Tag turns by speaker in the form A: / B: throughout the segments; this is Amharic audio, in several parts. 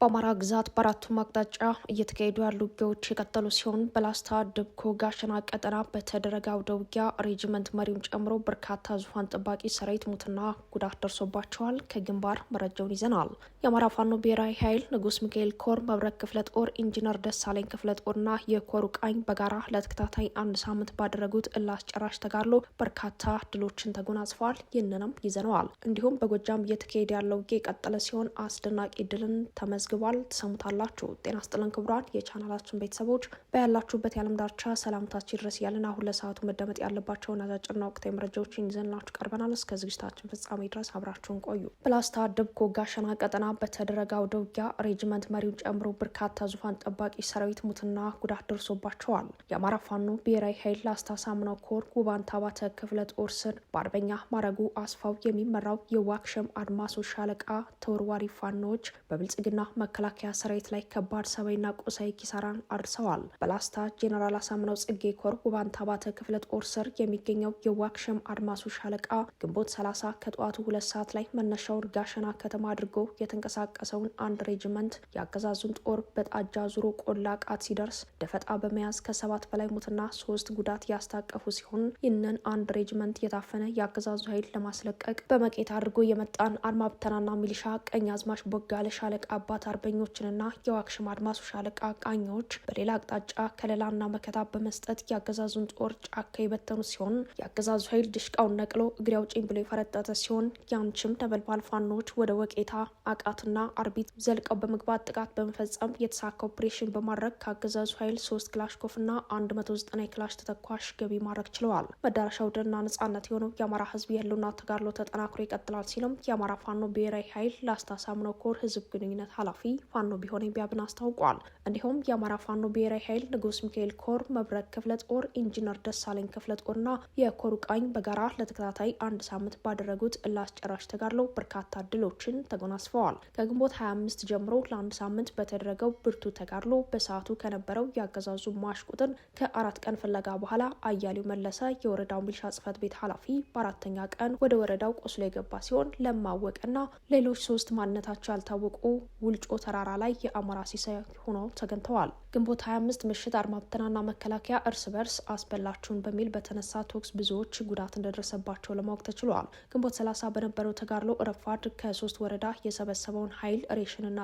A: በአማራ ግዛት በአራቱም አቅጣጫ እየተካሄዱ ያሉ ውጊያዎች የቀጠሉ ሲሆን በላስታ ድብኮ ጋሸና ቀጠና በተደረገ አውደ ውጊያ ሬጅመንት መሪውን ጨምሮ በርካታ ዙፋን ጠባቂ ሰራዊት ሙትና ጉዳት ደርሶባቸዋል። ከግንባር መረጃውን ይዘናል። የአማራ ፋኖ ብሔራዊ ኃይል ንጉስ ሚካኤል ኮር መብረቅ ክፍለ ጦር፣ ኢንጂነር ደሳለኝ ክፍለ ጦርና የኮሩ ቃኝ በጋራ ለተከታታይ አንድ ሳምንት ባደረጉት እላስጨራሽ አስጨራሽ ተጋድሎ በርካታ ድሎችን ተጎናጽፏል። ይህንንም ይዘነዋል። እንዲሁም በጎጃም እየተካሄደ ያለው ውጊያ የቀጠለ ሲሆን አስደናቂ ድልን ተመዝ ተመዝግቧል። ትሰሙታላችሁ። ጤና ስጥልን ክቡራን የቻናላችን ቤተሰቦች በያላችሁበት የዓለም ዳርቻ ሰላምታችን ድረስ እያለን አሁን ለሰዓቱ መደመጥ ያለባቸውን አጫጭርና ወቅታዊ መረጃዎችን ይዘንላችሁ ቀርበናል። እስከ ዝግጅታችን ፍጻሜ ድረስ አብራችሁን ቆዩ። ላስታ ድብጎ ጋሸና ቀጠና በተደረገ አውደ ውጊያ ሬጅመንት መሪውን ጨምሮ በርካታ ዙፋን ጠባቂ ሰራዊት ሙትና ጉዳት ደርሶባቸዋል። የአማራ ፋኖ ብሔራዊ ኃይል ላስታ ሳምናው ኮር ጉባን ባተ ክፍለ ጦር ስር በአርበኛ ማረጉ አስፋው የሚመራው የዋክሸም አድማሶች ሻለቃ ተወርዋሪ ፋኖዎች በብልጽግና መከላከያ ሰራዊት ላይ ከባድ ሰብአዊና ቁሳዊ ኪሳራን አድርሰዋል። በላስታ ጄኔራል አሳምነው ጽጌ ኮር ውባንታ ባተ ክፍለ ጦር ስር የሚገኘው የዋክሸም አድማሱ ሻለቃ ግንቦት 30 ከጠዋቱ ሁለት ሰዓት ላይ መነሻውን ጋሸና ከተማ አድርጎ የተንቀሳቀሰውን አንድ ሬጅመንት የአገዛዙን ጦር በጣጃ ዙሮ ቆላ ቃት ሲደርስ ደፈጣ በመያዝ ከሰባት በላይ ሙትና ሶስት ጉዳት ያስታቀፉ ሲሆን ይህንን አንድ ሬጅመንት የታፈነ የአገዛዙ ኃይል ለማስለቀቅ በመቄት አድርጎ የመጣን አድማ ብተናና ሚሊሻ ቀኝ አዝማች ቦጋለ ሻለቃ አባት አርበኞችንና የዋግሽም አድማሱ ሻለቃ ቃኞች በሌላ አቅጣጫ ከለላና መከታ በመስጠት የአገዛዙን ጦር ጫካ የበተኑ ሲሆን የአገዛዙ ኃይል ድሽቃውን ነቅሎ እግሬ አውጪኝ ብሎ የፈረጠጠ ሲሆን ያንችም ነበልባል ፋኖች ወደ ወቄታ አቃትና አርቢት ዘልቀው በመግባት ጥቃት በመፈጸም የተሳካ ኦፕሬሽን በማድረግ ከአገዛዙ ኃይል ሶስት ክላሽኮፍና አንድ መቶ ዘጠና የክላሽ ተተኳሽ ገቢ ማድረግ ችለዋል። መዳረሻው ድልና ነጻነት የሆነው የአማራ ህዝብ የህልውና ተጋድሎ ተጠናክሮ ይቀጥላል ሲልም የአማራ ፋኖ ብሔራዊ ኃይል ላስታ ሳምነው ኮር ህዝብ ግንኙነት ኃላፊ ኃላፊ ፋኖ ቢሆን ቢያብን አስታውቋል። እንዲሁም የአማራ ፋኖ ብሔራዊ ኃይል ንጉስ ሚካኤል ኮር መብረቅ ክፍለ ጦር፣ ኢንጂነር ደሳለኝ ክፍለ ጦርና የኮሩ ቃኝ በጋራ ለተከታታይ አንድ ሳምንት ባደረጉት ላስጨራሽ ተጋድሎ በርካታ ድሎችን ተጎናስፈዋል። ከግንቦት 25 ጀምሮ ለአንድ ሳምንት በተደረገው ብርቱ ተጋድሎ በሰዓቱ ከነበረው የአገዛዙ ማሽ ቁጥር ከአራት ቀን ፍለጋ በኋላ አያሌው መለሰ የወረዳው ሚሊሻ ጽህፈት ቤት ኃላፊ በአራተኛ ቀን ወደ ወረዳው ቆስሎ የገባ ሲሆን ለማወቅና ሌሎች ሶስት ማንነታቸው ያልታወቁ ውል በሲጮ ተራራ ላይ የአሞራ ሲሳይ ሆኖ ተገኝተዋል። ግንቦት 25 ምሽት አርማብተናና መከላከያ እርስ በርስ አስበላችሁን በሚል በተነሳ ተኩስ ብዙዎች ጉዳት እንደደረሰባቸው ለማወቅ ተችሏል። ግንቦት 30 በነበረው ተጋድሎ ረፋድ ከሶስት ወረዳ የሰበሰበውን ኃይል ሬሽንና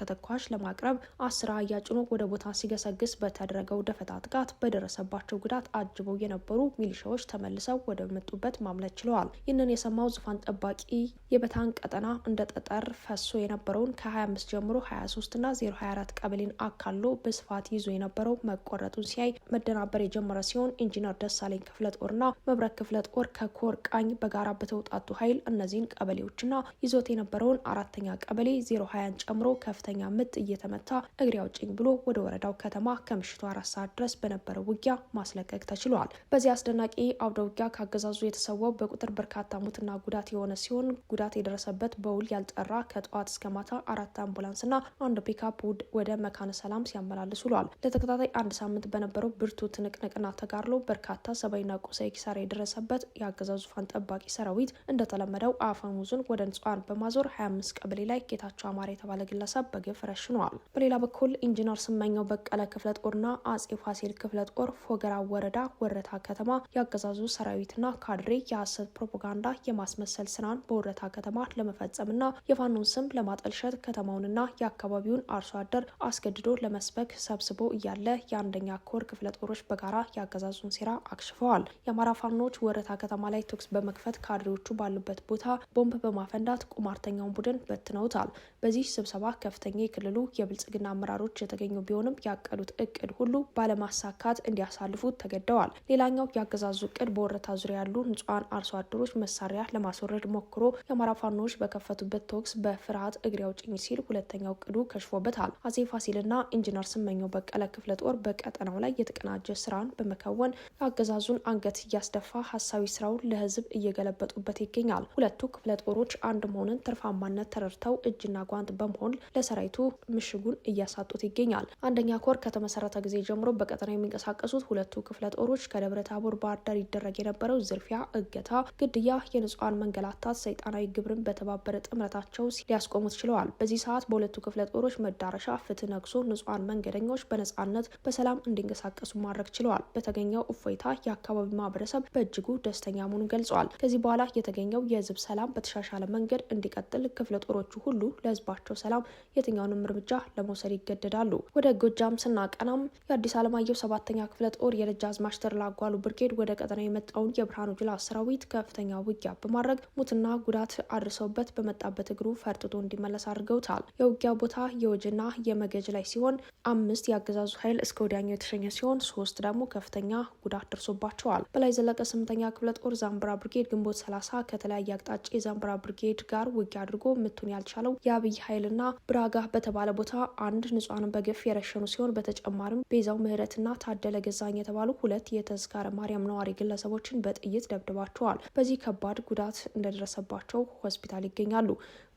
A: ተተኳሽ ለማቅረብ አስር አህያ ጭኖ ወደ ቦታ ሲገሰግስ በተደረገው ደፈጣ ጥቃት በደረሰባቸው ጉዳት አጅበው የነበሩ ሚሊሻዎች ተመልሰው ወደ መጡበት ማምለት ችለዋል። ይህንን የሰማው ዙፋን ጠባቂ የበታን ቀጠና እንደ ጠጠር ፈሶ የነበረውን ከ25 ጀምሮ 23 ና 024 ቀበሌን አካሎ በስፋት ይዞ የነበረው መቆረጡን ሲያይ መደናበር የጀመረ ሲሆን ኢንጂነር ደሳለኝ ክፍለ ጦር ና መብረክ ክፍለ ጦር ከኮር ቃኝ በጋራ በተውጣጡ ኃይል እነዚህን ቀበሌዎች ና ይዞት የነበረውን አራተኛ ቀበሌ 020ን ጨምሮ ከፍተኛ ምት እየተመታ እግሬ አውጭኝ ብሎ ወደ ወረዳው ከተማ ከምሽቱ አራት ሰዓት ድረስ በነበረው ውጊያ ማስለቀቅ ተችሏል። በዚህ አስደናቂ አውደ ውጊያ ካገዛዙ የተሰዋው በቁጥር በርካታ ሙትና ጉዳት የሆነ ሲሆን ጉዳት የደረሰበት በውል ያልጠራ ከጠዋት እስከ ማታ አራት አምቡላ አምቡላንስና አንድ ውድ ወደ መካነ ሰላም ሲያመላልስ ውሏል። ለተከታታይ አንድ ሳምንት በነበረው ብርቱ ትንቅንቅና ተጋድሎ በርካታ ሰብአዊና ቁሳዊ ኪሳራ የደረሰበት የአገዛዙ ዙፋን ጠባቂ ሰራዊት እንደተለመደው አፈሙዙን ወደ ንጹሃን በማዞር 25 ቀበሌ ላይ ጌታቸው አማረ የተባለ ግለሰብ በግፍ ረሽነዋል። በሌላ በኩል ኢንጂነር ስመኛው በቀለ ክፍለ ጦርና አጼ ፋሲል ክፍለ ጦር ፎገራ ወረዳ ወረታ ከተማ የአገዛዙ ሰራዊትና ካድሬ የሐሰት ፕሮፓጋንዳ የማስመሰል ስራን በወረታ ከተማ ለመፈጸምና የፋኖን ስም ለማጠልሸት ከተማውን ና የአካባቢውን አርሶ አደር አስገድዶ ለመስበክ ሰብስቦ እያለ የአንደኛ ኮር ክፍለ ጦሮች በጋራ የአገዛዙን ሴራ አክሽፈዋል። የአማራ ፋኖች ወረታ ከተማ ላይ ተኩስ በመክፈት ካድሬዎቹ ባሉበት ቦታ ቦምብ በማፈንዳት ቁማርተኛውን ቡድን በትነውታል። በዚህ ስብሰባ ከፍተኛ የክልሉ የብልጽግና አመራሮች የተገኙ ቢሆንም ያቀዱት እቅድ ሁሉ ባለማሳካት እንዲያሳልፉ ተገደዋል። ሌላኛው የአገዛዙ እቅድ በወረታ ዙሪያ ያሉ ንጹሐን አርሶ አደሮች መሳሪያ ለማስወረድ ሞክሮ የአማራ ፋኖች በከፈቱበት ተኩስ በፍርሃት እግሬ አውጭኝ ሲል ሁለተኛው እቅዱ ከሽፎበታል። አጼ ፋሲልና ኢንጂነር ስመኘው በቀለ ክፍለ ጦር በቀጠናው ላይ የተቀናጀ ስራን በመከወን የአገዛዙን አንገት እያስደፋ ሀሳዊ ስራውን ለህዝብ እየገለበጡበት ይገኛል። ሁለቱ ክፍለ ጦሮች አንድ መሆንን ትርፋማነት ተረድተው እጅና ጓንት በመሆን ለሰራዊቱ ምሽጉን እያሳጡት ይገኛል። አንደኛ ኮር ከተመሰረተ ጊዜ ጀምሮ በቀጠና የሚንቀሳቀሱት ሁለቱ ክፍለ ጦሮች ከደብረ ታቦር ባህር ዳር ይደረግ የነበረው ዝርፊያ፣ እገታ፣ ግድያ፣ የንጹሐን መንገላታት፣ ሰይጣናዊ ግብርን በተባበረ ጥምረታቸው ሊያስቆሙት ችለዋል። በዚህ ሰዓት በሁለቱ ክፍለ ጦሮች መዳረሻ ፍትህ ነግሶ ንጹሐን መንገደኞች በነጻነት በሰላም እንዲንቀሳቀሱ ማድረግ ችለዋል። በተገኘው እፎይታ የአካባቢ ማህበረሰብ በእጅጉ ደስተኛ መሆኑን ገልጸዋል። ከዚህ በኋላ የተገኘው የህዝብ ሰላም በተሻሻለ መንገድ እንዲቀጥል ክፍለ ጦሮቹ ሁሉ ለህዝባቸው ሰላም የትኛውንም እርምጃ ለመውሰድ ይገደዳሉ። ወደ ጎጃም ስናቀናም የአዲስ አለማየሁ ሰባተኛ ክፍለ ጦር የደጃዝማች ተድላ አጓሉ ብርጌድ ወደ ቀጠና የመጣውን የብርሃኑ ጁላ ሰራዊት ከፍተኛ ውጊያ በማድረግ ሙትና ጉዳት አድርሰውበት በመጣበት እግሩ ፈርጥቶ እንዲመለስ አድርገውታል። የውጊያ ቦታ የወጅና የመገጅ ላይ ሲሆን አምስት የአገዛዙ ኃይል እስከ ወዲያኛው የተሸኘ ሲሆን ሶስት ደግሞ ከፍተኛ ጉዳት ደርሶባቸዋል። በላይ ዘለቀ ስምንተኛ ክፍለ ጦር ዛምብራ ብርጌድ ግንቦት ሰላሳ ከተለያየ አቅጣጫ የዛምብራ ብርጌድ ጋር ውጊያ አድርጎ ምቱን ያልቻለው የአብይ ኃይልና ብራጋ በተባለ ቦታ አንድ ንጹሐንን በግፍ የረሸኑ ሲሆን በተጨማሪም ቤዛው ምህረትና ታደለ ገዛኝ የተባሉ ሁለት የተዝካረ ማርያም ነዋሪ ግለሰቦችን በጥይት ደብድባቸዋል። በዚህ ከባድ ጉዳት እንደደረሰባቸው ሆስፒታል ይገኛሉ።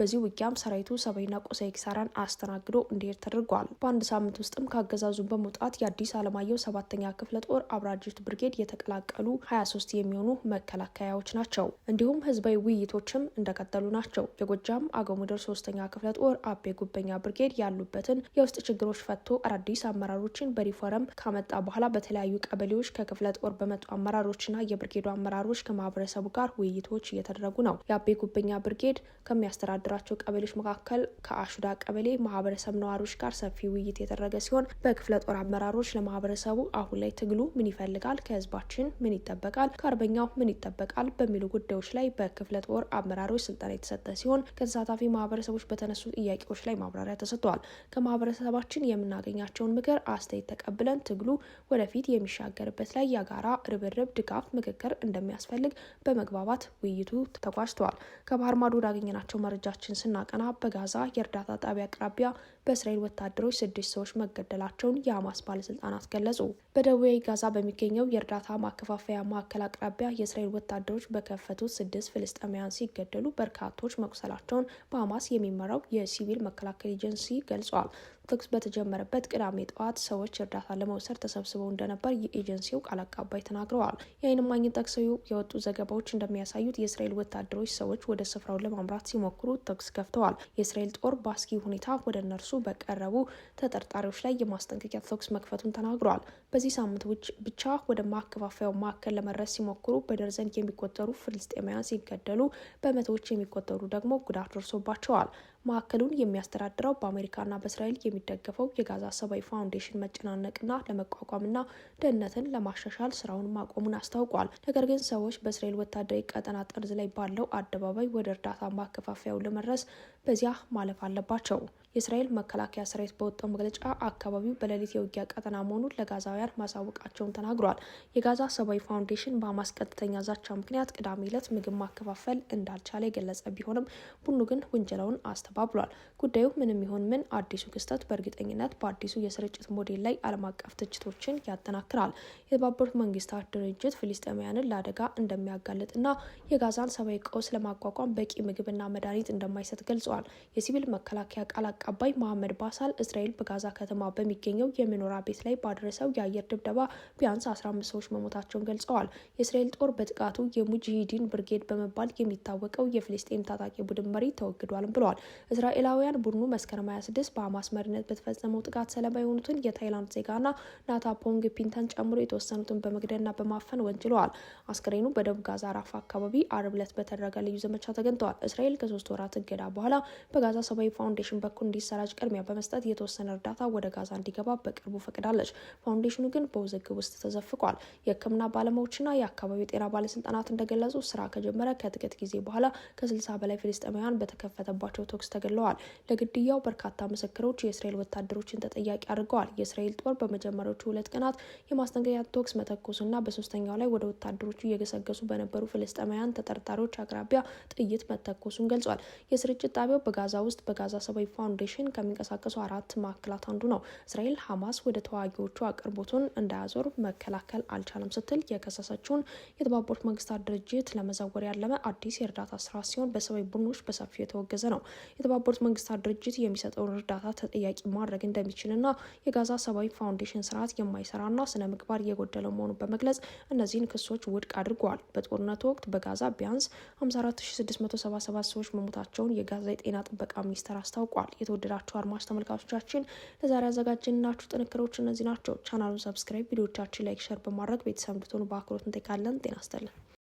A: በዚህ ውጊያም ሰራዊቱ ሰብአዊና ቁሳዊ ኪሳራን አስተናግዶ እንዲሄድ ተደርጓል። በአንድ ሳምንት ውስጥም ከአገዛዙ በመውጣት የአዲስ አለማየሁ ሰባተኛ ክፍለ ጦር አብራጅት ብርጌድ የተቀላቀሉ 23 የሚሆኑ መከላከያዎች ናቸው። እንዲሁም ህዝባዊ ውይይቶችም እንደቀጠሉ ናቸው። የጎጃም አገሙድር ሶስተኛ ክፍለ ጦር አቤ ጉበኛ ብርጌድ ያሉበትን የውስጥ ችግሮች ፈቶ አዳዲስ አመራሮችን በሪፎረም ካመጣ በኋላ በተለያዩ ቀበሌዎች ከክፍለ ጦር በመጡ አመራሮችና የብርጌዱ አመራሮች ከማህበረሰቡ ጋር ውይይቶች እየተደረጉ ነው። የአቤ ጉበኛ ብርጌድ ከሚያስተዳድ ከሚያስተዳድራቸው ቀበሌዎች መካከል ከአሹዳ ቀበሌ ማህበረሰብ ነዋሪዎች ጋር ሰፊ ውይይት የተደረገ ሲሆን በክፍለ ጦር አመራሮች ለማህበረሰቡ አሁን ላይ ትግሉ ምን ይፈልጋል፣ ከህዝባችን ምን ይጠበቃል፣ ከአርበኛው ምን ይጠበቃል በሚሉ ጉዳዮች ላይ በክፍለ ጦር አመራሮች ስልጠና የተሰጠ ሲሆን ከተሳታፊ ማህበረሰቦች በተነሱ ጥያቄዎች ላይ ማብራሪያ ተሰጥተዋል። ከማህበረሰባችን የምናገኛቸውን ምክር አስተያየት ተቀብለን ትግሉ ወደፊት የሚሻገርበት ላይ የጋራ ርብርብ፣ ድጋፍ፣ ምክክር እንደሚያስፈልግ በመግባባት ውይይቱ ተጓዝተዋል። ከባህር ማዶ ወዳገኘናቸው መረጃ ወደፊታችን ስናቀና በጋዛ የእርዳታ ጣቢያ አቅራቢያ በእስራኤል ወታደሮች ስድስት ሰዎች መገደላቸውን የሐማስ ባለስልጣናት ገለጹ። በደቡባዊ ጋዛ በሚገኘው የእርዳታ ማከፋፈያ ማዕከል አቅራቢያ የእስራኤል ወታደሮች በከፈቱት ስድስት ፍልስጤማውያን ሲገደሉ በርካቶች መቁሰላቸውን በሐማስ የሚመራው የሲቪል መከላከል ኤጀንሲ ገልጿል። ተኩስ በተጀመረበት ቅዳሜ ጠዋት ሰዎች እርዳታ ለመውሰድ ተሰብስበው እንደነበር የኤጀንሲው ቃል አቀባይ ተናግረዋል። የአይን እማኝን ጠቅሰው የወጡ ዘገባዎች እንደሚያሳዩት የእስራኤል ወታደሮች ሰዎች ወደ ስፍራው ለማምራት ሲሞክሩ ተኩስ ከፍተዋል። የእስራኤል ጦር በአስጊ ሁኔታ ወደ እነርሱ በቀረቡ ተጠርጣሪዎች ላይ የማስጠንቀቂያ ተኩስ መክፈቱን ተናግረዋል። በዚህ ሳምንት ብቻ ወደ ማከፋፈያው ማዕከል ለመድረስ ሲሞክሩ በደርዘን የሚቆጠሩ ፍልስጤማውያን ሲገደሉ፣ በመቶዎች የሚቆጠሩ ደግሞ ጉዳት ደርሶባቸዋል። ማዕከሉን የሚያስተዳድረው በአሜሪካና በእስራኤል የሚደገፈው የጋዛ ሰብአዊ ፋውንዴሽን መጨናነቅና ለመቋቋምና ደህንነትን ለማሻሻል ስራውን ማቆሙን አስታውቋል። ነገር ግን ሰዎች በእስራኤል ወታደራዊ ቀጠና ጠርዝ ላይ ባለው አደባባይ ወደ እርዳታ ማከፋፈያው ለመድረስ በዚያ ማለፍ አለባቸው። የእስራኤል መከላከያ ሰራዊት በወጣው መግለጫ አካባቢው በሌሊት የውጊያ ቀጠና መሆኑን ለጋዛውያን ማሳወቃቸውን ተናግሯል። የጋዛ ሰብአዊ ፋውንዴሽን በሐማስ ቀጥተኛ ዛቻ ምክንያት ቅዳሜ ዕለት ምግብ ማከፋፈል እንዳልቻለ የገለጸ ቢሆንም ቡድኑ ግን ውንጀላውን አስተባብሏል። ጉዳዩ ምንም ይሁን ምን አዲሱ ክስተት በእርግጠኝነት በአዲሱ የስርጭት ሞዴል ላይ ዓለም አቀፍ ትችቶችን ያጠናክራል። የተባበሩት መንግስታት ድርጅት ፊልስጤማውያንን ለአደጋ እንደሚያጋልጥና የጋዛን ሰብአዊ ቀውስ ለማቋቋም በቂ ምግብና መድኃኒት እንደማይሰጥ ገልጸዋል። የሲቪል መከላከያ ቃል አቀባይ መሐመድ ባሳል እስራኤል በጋዛ ከተማ በሚገኘው የመኖሪያ ቤት ላይ ባደረሰው የአየር ድብደባ ቢያንስ 15 ሰዎች መሞታቸውን ገልጸዋል። የእስራኤል ጦር በጥቃቱ የሙጅሂዲን ብርጌድ በመባል የሚታወቀው የፍልስጤም ታጣቂ ቡድን መሪ ተወግዷልም ብለዋል። እስራኤላውያን ቡድኑ መስከረም 26 በሐማስ መሪነት በተፈጸመው ጥቃት ሰለባ የሆኑትን የታይላንድ ዜጋና ናታ ፖንግ ፒንተን ጨምሮ የተወሰኑትን በመግደልና በማፈን ወንጅለዋል። አስክሬኑ በደቡብ ጋዛ ራፋ አካባቢ አርብ ዕለት በተደረገ ልዩ ዘመቻ ተገኝተዋል። እስራኤል ከሶስት ወራት እገዳ በኋላ በጋዛ ሰብአዊ ፋውንዴሽን በኩል እንዲሰራጭ ቅድሚያ በመስጠት የተወሰነ እርዳታ ወደ ጋዛ እንዲገባ በቅርቡ ፈቅዳለች። ፋውንዴሽኑ ግን በውዝግብ ውስጥ ተዘፍቋል። የሕክምና ባለሙያዎችና የአካባቢው የጤና ባለስልጣናት እንደገለጹ ስራ ከጀመረ ከጥቂት ጊዜ በኋላ ከስልሳ በላይ ፍልስጤማውያን በተከፈተባቸው ተኩስ ተገድለዋል። ለግድያው በርካታ ምስክሮች የእስራኤል ወታደሮችን ተጠያቂ አድርገዋል። የእስራኤል ጦር በመጀመሪያዎቹ ሁለት ቀናት የማስጠንቀቂያ ተኩስ መተኮሱና በሶስተኛው ላይ ወደ ወታደሮቹ እየገሰገሱ በነበሩ ፍልስጤማውያን ተጠርጣሪዎች አቅራቢያ ጥይት መተኮሱን ገልጿል። የስርጭት ጣቢያው በጋዛ ውስጥ በጋዛ ሰባዊ ፋውንዴሽን ፋውንዴሽን ከሚንቀሳቀሱ አራት ማዕከላት አንዱ ነው። እስራኤል ሐማስ ወደ ተዋጊዎቹ አቅርቦቱን እንዳያዞር መከላከል አልቻለም ስትል የከሰሰችውን የተባበሩት መንግስታት ድርጅት ለመዘወር ያለመ አዲስ የእርዳታ ስራ ሲሆን በሰብአዊ ቡድኖች በሰፊው የተወገዘ ነው። የተባበሩት መንግስታት ድርጅት የሚሰጠውን እርዳታ ተጠያቂ ማድረግ እንደሚችልና የጋዛ ሰብአዊ ፋውንዴሽን ስርዓት የማይሰራና ስነ ምግባር የጎደለው መሆኑን በመግለጽ እነዚህን ክሶች ውድቅ አድርገዋል። በጦርነቱ ወቅት በጋዛ ቢያንስ 54677 ሰዎች መሞታቸውን የጋዛ የጤና ጥበቃ ሚኒስቴር አስታውቋል። የተወደዳችሁ አድማጭ ተመልካቾቻችን ለዛሬ ያዘጋጀንላችሁ ጥንክሮች እነዚህ ናቸው። ቻናሉን ሰብስክራይብ፣ ቪዲዮቻችን ላይክ፣ ሸር በማድረግ ቤተሰብ እንድትሆኑ በአክብሮት እንጠይቃለን። ጤና ይስጥልን።